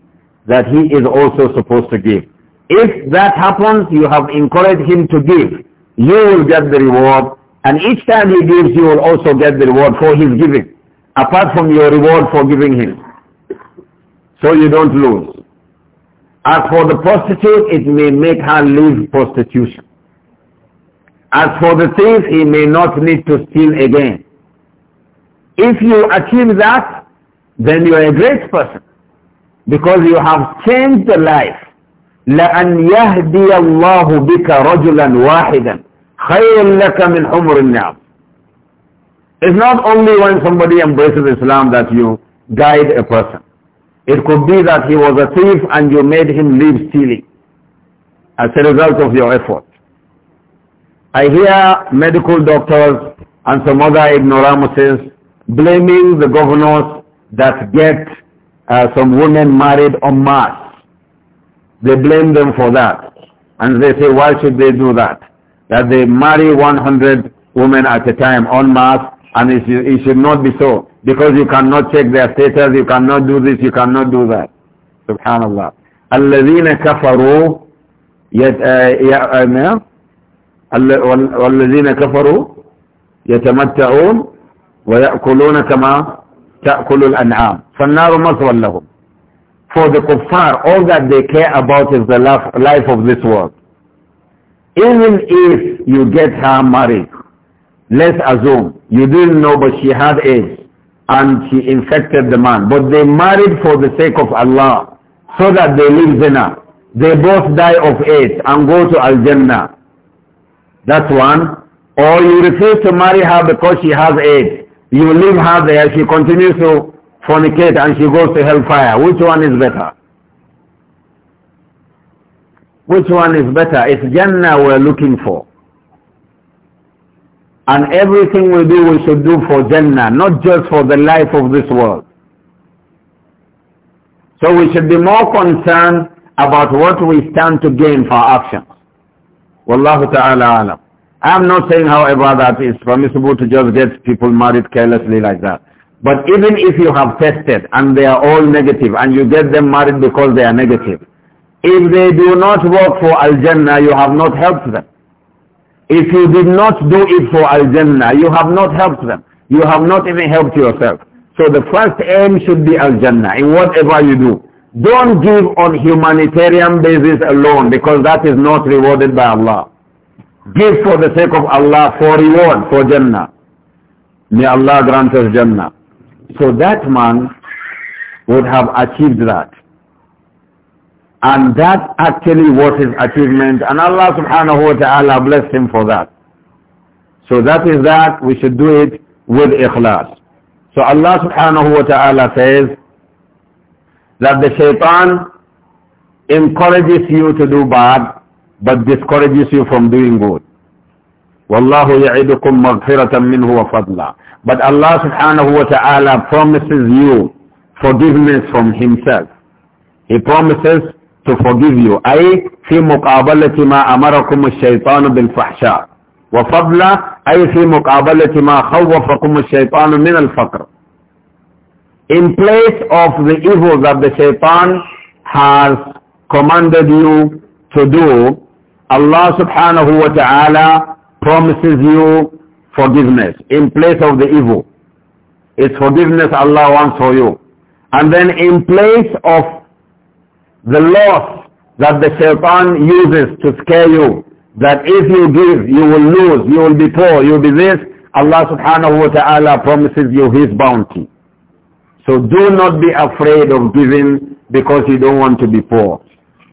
that he is also supposed to give. If that happens, you have encouraged him to give. You will get the reward. And each time he gives, you will also get the reward for his giving, apart from your reward for giving him so you don't lose. As for the prostitute, it may make her leave prostitution. As for the thief, he may not need to steal again. If you achieve that, then you are a great person because you have changed the life. لأن يهدي الله بك رجلا واحدا خير لك من النعم. It's not only when somebody embraces Islam that you guide a person. It could be that he was a thief and you made him leave stealing as a result of your effort. I hear medical doctors and some other ignoramuses blaming the governors that get uh, some women married en masse. They blame them for that. And they say, why should they do that? That they marry 100 women at a time en masse And it, it should not be so. Because you cannot check their status, you cannot do this, you cannot do that. Subhanallah. الذين كفروا والذين كفروا يتمتعون ويأكلون كما تأكل الأنعام فالنار مثوى لهم for the kuffar all that they care about is the life of this world even if you get her married Let's assume you didn't know but she had AIDS and she infected the man. But they married for the sake of Allah so that they live zina. They both die of AIDS and go to Al-Jannah. That's one. Or you refuse to marry her because she has AIDS. You leave her there, she continues to fornicate and she goes to hellfire. Which one is better? Which one is better? It's Jannah we're looking for. And everything we do, we should do for Jannah, not just for the life of this world. So we should be more concerned about what we stand to gain for actions. Wallahu ta'ala alam. I'm not saying, however, that it's permissible to just get people married carelessly like that. But even if you have tested and they are all negative and you get them married because they are negative, if they do not work for Al-Jannah, you have not helped them. If you did not do it for Al-Jannah, you have not helped them. You have not even helped yourself. So the first aim should be Al-Jannah in whatever you do. Don't give on humanitarian basis alone because that is not rewarded by Allah. Give for the sake of Allah for reward, for Jannah. May Allah grant us Jannah. So that man would have achieved that. And that actually was his achievement. And Allah subhanahu wa ta'ala blessed him for that. So that is that. We should do it with ikhlas. So Allah subhanahu wa ta'ala says that the shaitan encourages you to do bad but discourages you from doing good. وَاللَّهُ يَعِدُكُمْ مَغْفِرَةً مِّنْهُ وَفَضْلًا But Allah subhanahu wa ta'ala promises you forgiveness from himself. He promises to forgive you أي في مقابلة ما أمركم الشيطان بالفحشاء fi أي في مقابلة ما خوفكم الشيطان من الفقر in place of the evil that the shaytan has commanded you to do Allah subhanahu wa ta'ala promises you forgiveness in place of the evil. It's forgiveness Allah wants for you. And then in place of the loss that the shaitan uses to scare you, that if you give, you will lose, you will be poor, you will be this, Allah subhanahu wa ta'ala promises you his bounty. So do not be afraid of giving because you don't want to be poor.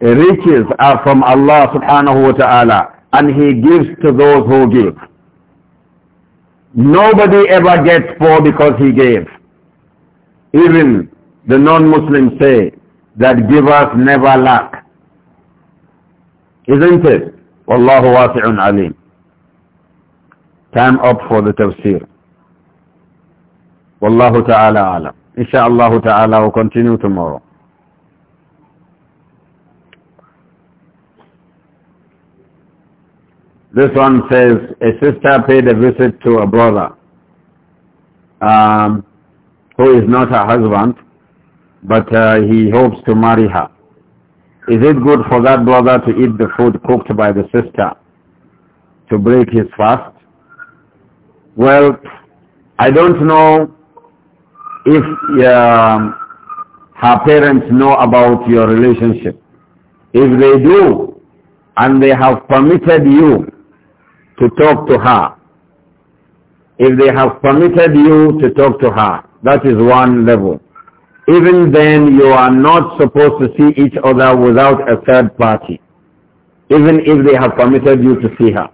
Riches are from Allah subhanahu wa ta'ala and he gives to those who give. Nobody ever gets poor because he gave. Even the non-Muslims say that give us never lack. Isn't it? Wallahu wasi'un alim. Time up for the tafsir. Wallahu ta'ala alam. Insha'Allah ta'ala will continue tomorrow. This one says, a sister paid a visit to a brother um, who is not her husband but uh, he hopes to marry her. Is it good for that brother to eat the food cooked by the sister to break his fast? Well, I don't know if uh, her parents know about your relationship. If they do, and they have permitted you to talk to her, if they have permitted you to talk to her, that is one level even then you are not supposed to see each other without a third party, even if they have permitted you to see her.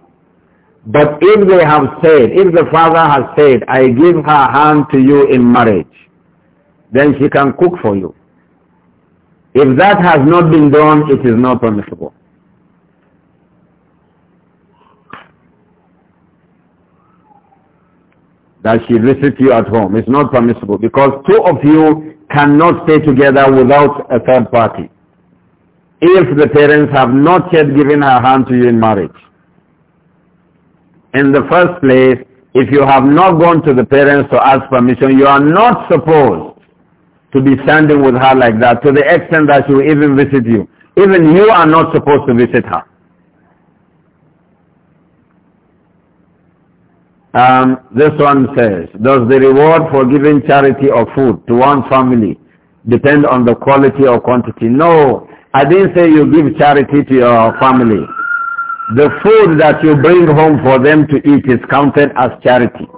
But if they have said, if the father has said, I give her hand to you in marriage, then she can cook for you. If that has not been done, it is not permissible. That she visit you at home. It's not permissible because two of you cannot stay together without a third party. If the parents have not yet given her hand to you in marriage. In the first place, if you have not gone to the parents to ask permission, you are not supposed to be standing with her like that to the extent that she will even visit you. Even you are not supposed to visit her. Um, this one says, does the reward for giving charity of food to one family depend on the quality or quantity? No, I didn't say you give charity to your family. The food that you bring home for them to eat is counted as charity.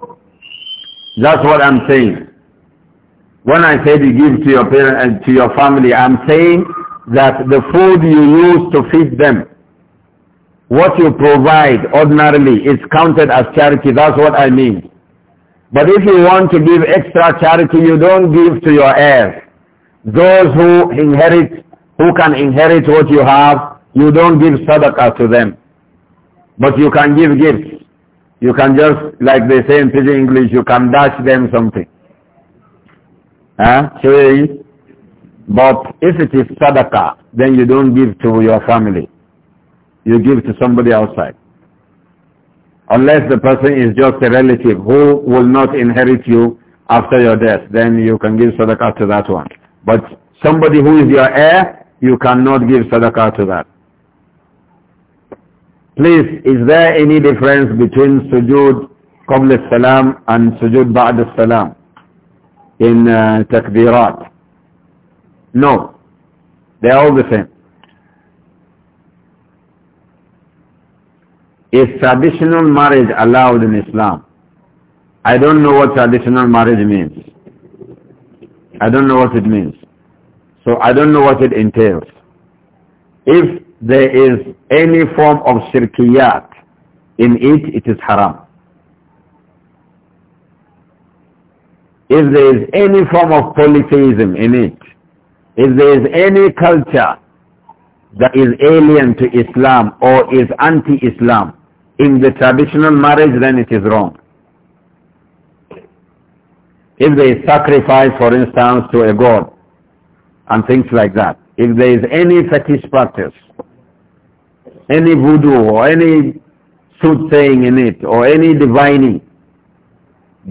That's what I'm saying. When I said you give to your parents and uh, to your family, I'm saying that the food you use to feed them what you provide ordinarily is counted as charity. That's what I mean. But if you want to give extra charity, you don't give to your heirs. Those who inherit, who can inherit what you have, you don't give sadaqah to them. But you can give gifts. You can just, like they say in Pidgin English, you can dash them something. Huh? But if it is sadaqah, then you don't give to your family you give to somebody outside. Unless the person is just a relative who will not inherit you after your death, then you can give sadaqah to that one. But somebody who is your heir, you cannot give sadaqah to that. Please, is there any difference between sujood qabla salam and sujood ba'da salam in uh, takbirat? No. They are all the same. Is traditional marriage allowed in Islam? I don't know what traditional marriage means. I don't know what it means. So I don't know what it entails. If there is any form of shirkiyat in it, it is haram. If there is any form of polytheism in it, if there is any culture that is alien to Islam or is anti-Islam, in the traditional marriage, then it is wrong. If they sacrifice, for instance, to a god and things like that, if there is any fetish practice, any voodoo or any soothsaying in it or any divining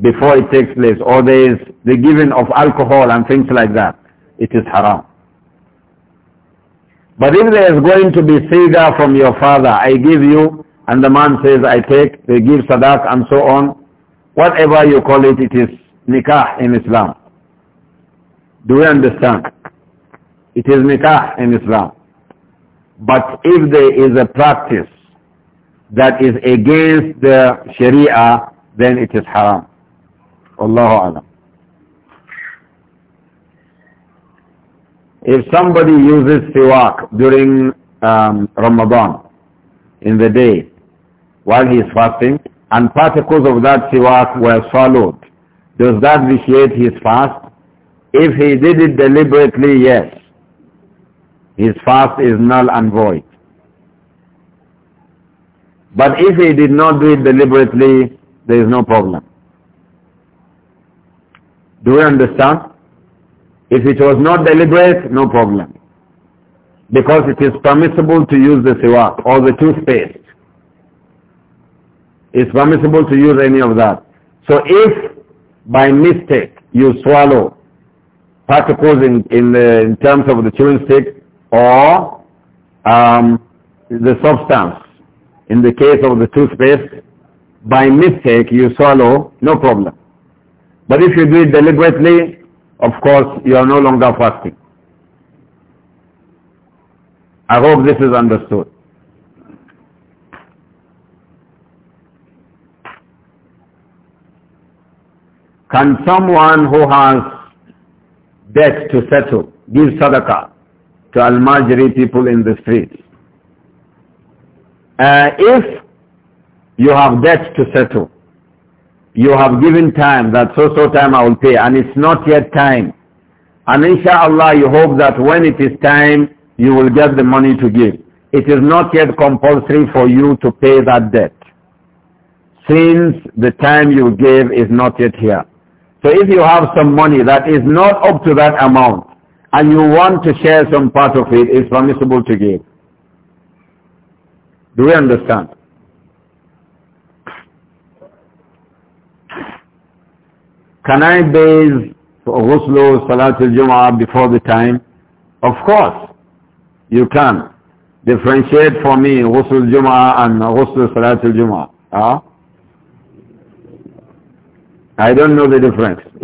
before it takes place or there is the giving of alcohol and things like that, it is haram. But if there is going to be siga from your father, I give you and the man says, I take, they give sadaq and so on. Whatever you call it, it is nikah in Islam. Do you understand? It is nikah in Islam. But if there is a practice that is against the sharia, then it is haram. Allahu alam. If somebody uses siwak during um, Ramadan in the day, while he is fasting, and particles of that siwak were swallowed. Does that vitiate his fast? If he did it deliberately, yes. His fast is null and void. But if he did not do it deliberately, there is no problem. Do you understand? If it was not deliberate, no problem. Because it is permissible to use the siwak or the toothpaste it's permissible to use any of that. So if by mistake you swallow particles in, in, the, in terms of the chewing stick or um, the substance, in the case of the toothpaste, by mistake you swallow, no problem. But if you do it deliberately, of course you are no longer fasting. I hope this is understood. Can someone who has debt to settle give sadaqah to al majiri people in the street? Uh, if you have debt to settle, you have given time that so so time I will pay and it's not yet time. And inshallah you hope that when it is time you will get the money to give. It is not yet compulsory for you to pay that debt since the time you gave is not yet here. So if you have some money that is not up to that amount and you want to share some part of it, it's permissible to give. Do we understand? Can I base ghusl Salatul Jum'ah before the time? Of course, you can. Differentiate for me ghusl Jum'ah and ghusl Salatul Jum'ah. Huh? Ah? I don't know the difference.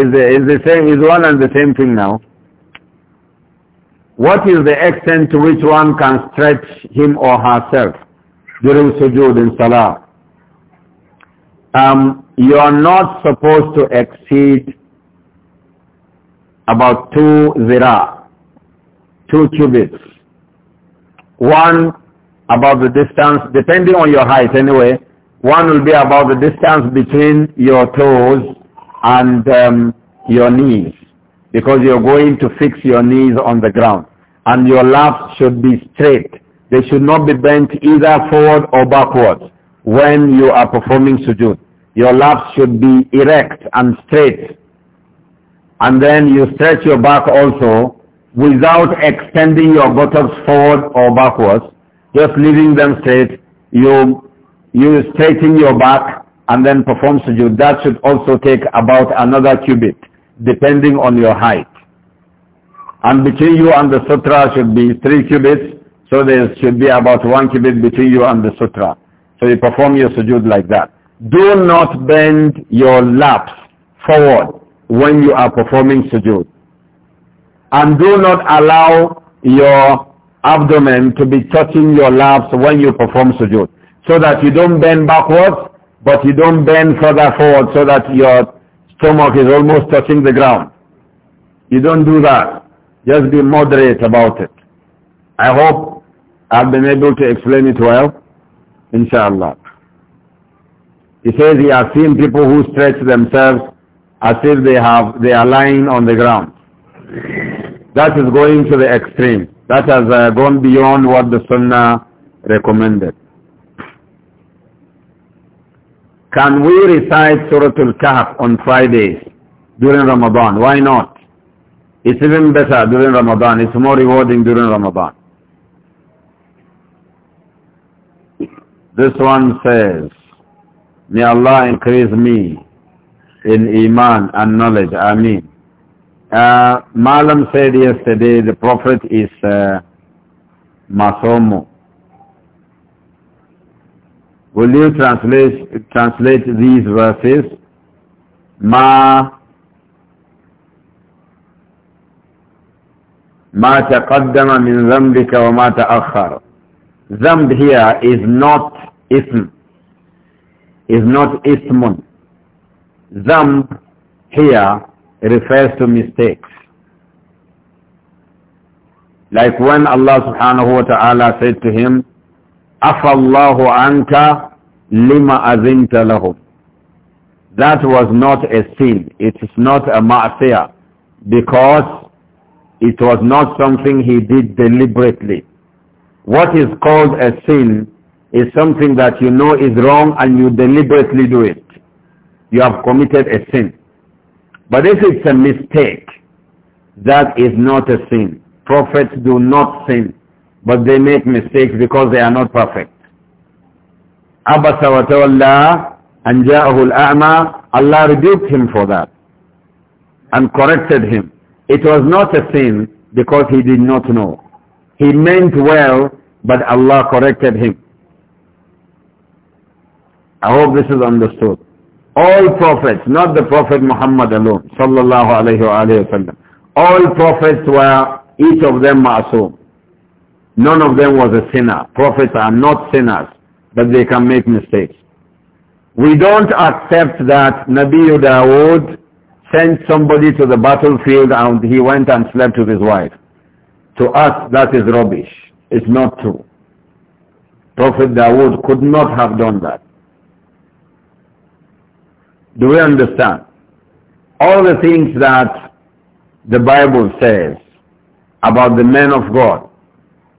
is the, is the same, is one and the same thing now. What is the extent to which one can stretch him or herself during sujood in salah? Um, you are not supposed to exceed about two zira, two cubits. One about the distance, depending on your height anyway, one will be about the distance between your toes and um, your knees because you're going to fix your knees on the ground. And your laps should be straight. They should not be bent either forward or backwards when you are performing sujood. Your laps should be erect and straight. And then you stretch your back also without extending your buttocks forward or backwards, just leaving them straight. You you straighten your back and then perform sujood. That should also take about another cubit, depending on your height. And between you and the sutra should be three cubits, so there should be about one cubit between you and the sutra. So you perform your sujood like that. Do not bend your laps forward when you are performing sujood. And do not allow your abdomen to be touching your laps when you perform sujood so that you don't bend backwards, but you don't bend further forward so that your stomach is almost touching the ground. You don't do that. Just be moderate about it. I hope I've been able to explain it well. Inshallah. He says he has seen people who stretch themselves as if they have they are lying on the ground. That is going to the extreme. That has uh, gone beyond what the Sunnah recommended. Can we recite Surah Al-Kahf on Fridays during Ramadan? Why not? It's even better during Ramadan. It's more rewarding during Ramadan. This one says, May Allah increase me in Iman and knowledge. Ameen. Uh, Malam said yesterday the Prophet is uh, Masomo. Will you translate, translate these verses? Ma ma taqaddama min من ذنبك وما تأخر ذنب here is not ism is not ismun ذنب here refers to mistakes like when Allah subhanahu wa ta'ala said to him Afallahu anka lima azinta lahum. That was not a sin. It is not a ma'asiyah because it was not something he did deliberately. What is called a sin is something that you know is wrong and you deliberately do it. You have committed a sin. But if it's a mistake, that is not a sin. Prophets do not sin but they make mistakes because they are not perfect. Abasa wa tawalla and ja'ahu al-a'ma, Allah rebuked him for that and corrected him. It was not a sin because he did not know. He meant well, but Allah corrected him. I hope this is understood. All prophets, not the Prophet Muhammad alone, sallallahu alayhi wa All prophets were, each of them ma'asum. None of them was a sinner. Prophets are not sinners, but they can make mistakes. We don't accept that Nabi Dawood sent somebody to the battlefield and he went and slept with his wife. To us, that is rubbish. It's not true. Prophet Dawood could not have done that. Do we understand? All the things that the Bible says about the men of God,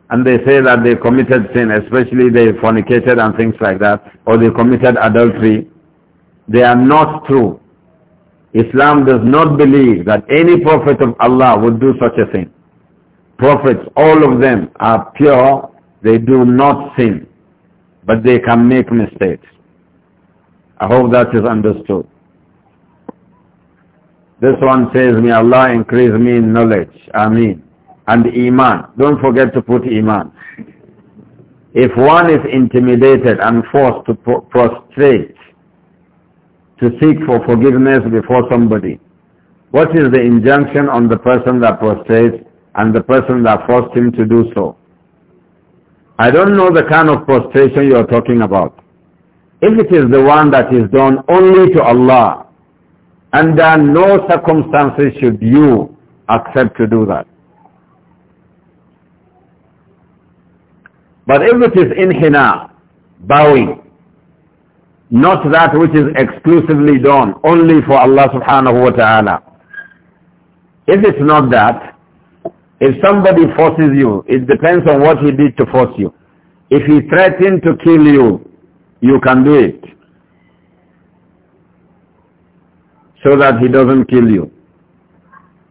and they say that they committed sin, especially they fornicated and things like that, or they committed adultery, they are not true. Islam does not believe that any prophet of Allah would do such a thing. Prophets, all of them are pure, they do not sin, but they can make mistakes. I hope that is understood. This one says, may Allah increase me in knowledge. Ameen and iman. Don't forget to put iman. If one is intimidated and forced to prostrate, to seek for forgiveness before somebody, what is the injunction on the person that prostrates and the person that forced him to do so? I don't know the kind of prostration you are talking about. If it is the one that is done only to Allah, under no circumstances should you accept to do that. But if it is in hina, bowing, not that which is exclusively done only for Allah subhanahu wa ta'ala. If it's not that, if somebody forces you, it depends on what he did to force you. If he threatened to kill you, you can do it. So that he doesn't kill you.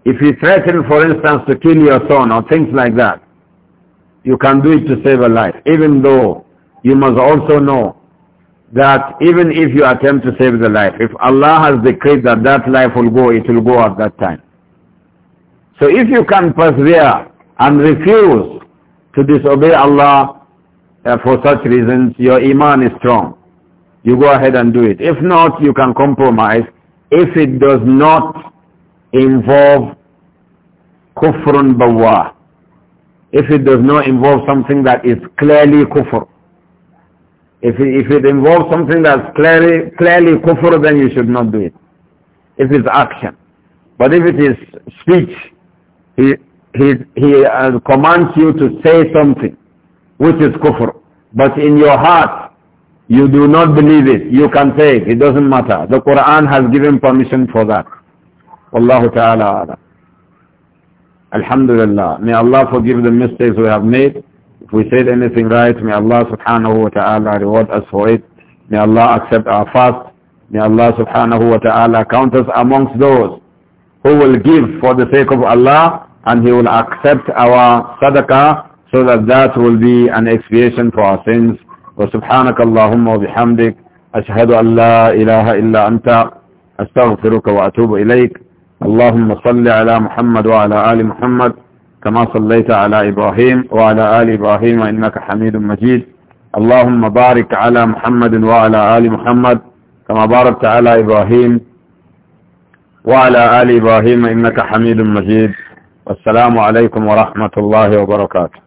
If he threatened, for instance, to kill your son or things like that, you can do it to save a life, even though you must also know that even if you attempt to save the life, if Allah has decreed that that life will go, it will go at that time. So if you can persevere and refuse to disobey Allah uh, for such reasons, your iman is strong. You go ahead and do it. If not, you can compromise if it does not involve kufrun bawah, if it does not involve something that is clearly kufr. If it, if it involves something that's clearly, clearly kufr, then you should not do it. If it's action. But if it is speech, he, he, he uh, commands you to say something which is kufr. But in your heart, you do not believe it. You can say it. It doesn't matter. The Quran has given permission for that. Wallahu ta'ala Alhamdulillah. May Allah forgive the mistakes we have made. If we said anything right, may Allah subhanahu wa ta'ala reward us for it. May Allah accept our fast. May Allah subhanahu wa ta'ala count us amongst those who will give for the sake of Allah and He will accept our sadaqah so that that will be an expiation for our sins. وسبحانك اللهم وبحمدك أشهد أن لا إله إلا اللهم صل على محمد وعلى آل محمد كما صليت على إبراهيم وعلى آل إبراهيم إنك حميد مجيد اللهم بارك على محمد وعلى آل محمد كما باركت على إبراهيم وعلى آل إبراهيم إنك حميد مجيد والسلام عليكم ورحمة الله وبركاته